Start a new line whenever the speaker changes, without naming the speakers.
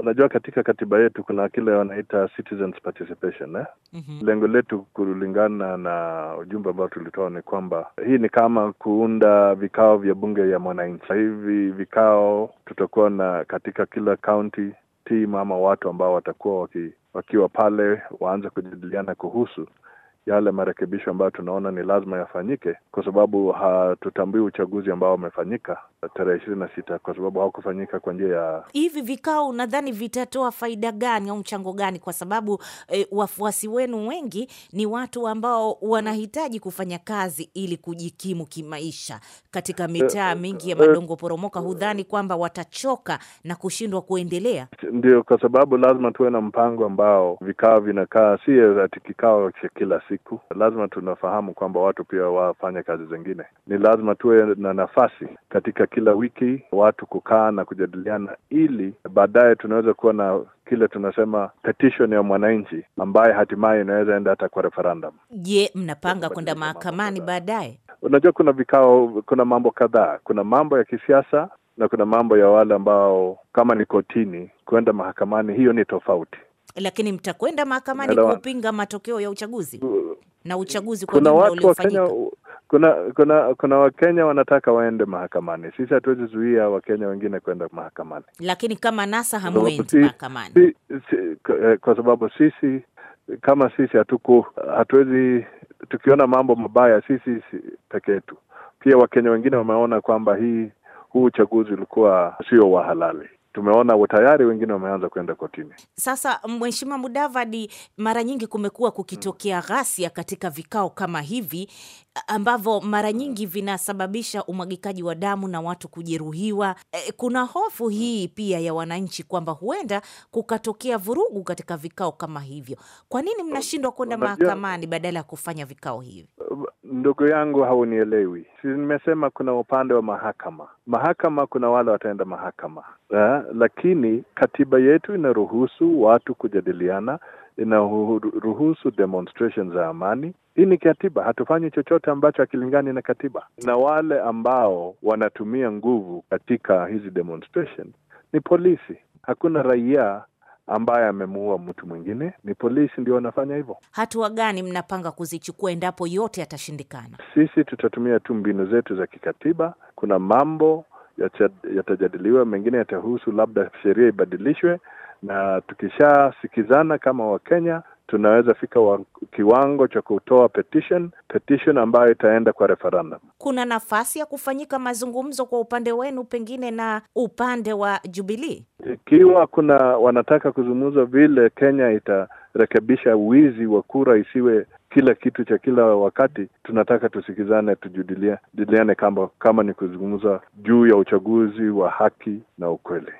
unajua katika katiba yetu kuna kile wanaita citizens participation eh? mm-hmm. Lengo letu kulingana na ujumbe ambao tulitoa ni kwamba hii ni kama kuunda vikao vya bunge ya mwananchi. Hivi vikao tutakuwa na katika kila kaunti timu ama watu ambao watakuwa waki, wakiwa pale waanze kujadiliana kuhusu yale marekebisho ambayo tunaona ni lazima yafanyike, kwa sababu hatutambui uchaguzi ambao umefanyika tarehe ishirini na sita kwa sababu hawakufanyika kwa njia ya
hivi vikao. Nadhani vitatoa faida gani au mchango gani? Kwa sababu e, wafuasi wenu wengi ni watu ambao wanahitaji kufanya kazi ili kujikimu kimaisha katika mitaa eh, eh, mingi ya madongo poromoka. Hudhani kwamba watachoka na kushindwa kuendelea?
Ndio, kwa sababu lazima tuwe na mpango ambao vikao vinakaa, si ati kikao cha kila siku. Lazima tunafahamu kwamba watu pia wafanye kazi zingine, ni lazima tuwe na nafasi katika kila wiki, watu kukaa na kujadiliana, ili baadaye tunaweza kuwa na kile tunasema petition ya mwananchi ambaye hatimaye inaweza enda hata kwa referendum.
Je, mnapanga kwenda mahakamani baadaye?
Unajua, kuna vikao, kuna mambo kadhaa, kuna mambo ya kisiasa na kuna mambo ya wale ambao kama ni kotini, kwenda mahakamani, hiyo ni tofauti.
Lakini mtakwenda mahakamani kupinga matokeo ya uchaguzi uh, na uchaguzi kwa wa Kenya
kuna kuna kuna Wakenya wanataka waende mahakamani. Sisi hatuwezi zuia Wakenya wengine kwenda mahakamani,
lakini kama NASA hamwendi mahakamani si,
si, eh, kwa sababu sisi kama sisi hatuko hatuwezi, tukiona mambo mabaya sisi si, peke yetu. Pia Wakenya wengine wameona kwamba hii huu uchaguzi ulikuwa sio wa halali tumeona tayari wengine wameanza kwenda kotini.
Sasa mweshimua Mudavadi, mara nyingi kumekuwa kukitokea mm. ghasia katika vikao kama hivi ambavyo mara mm. nyingi vinasababisha umwagikaji wa damu na watu kujeruhiwa. E, kuna hofu mm. hii pia ya wananchi kwamba huenda kukatokea vurugu katika vikao kama hivyo. Kwa nini mnashindwa kwenda mahakamani badala ya kufanya vikao hivi?
Um, ndugu yangu haunielewi. Si nimesema kuna upande wa mahakama, mahakama kuna wale wataenda mahakama ha? Eh, lakini katiba yetu inaruhusu watu kujadiliana, inaruhusu za amani. Hii ni katiba, hatufanyi chochote ambacho hakilingani na katiba. Na wale ambao wanatumia nguvu katika hizi demonstration ni polisi, hakuna raia ambaye amemuua mtu mwingine. Ni polisi ndio wanafanya hivyo.
Hatua gani mnapanga kuzichukua endapo yote yatashindikana?
Sisi tutatumia tu mbinu zetu za kikatiba. Kuna mambo yatajadiliwa, mengine yatahusu labda sheria ibadilishwe, na tukishasikizana kama Wakenya tunaweza fika wa kiwango cha kutoa petition, petition ambayo itaenda kwa referendum.
Kuna nafasi ya kufanyika mazungumzo kwa upande wenu pengine na upande wa Jubilee,
ikiwa kuna wanataka kuzungumza vile Kenya itarekebisha wizi wa kura isiwe kila kitu cha kila wakati. Tunataka tusikizane, tujadiliane kama kama ni kuzungumza juu ya uchaguzi wa haki na ukweli.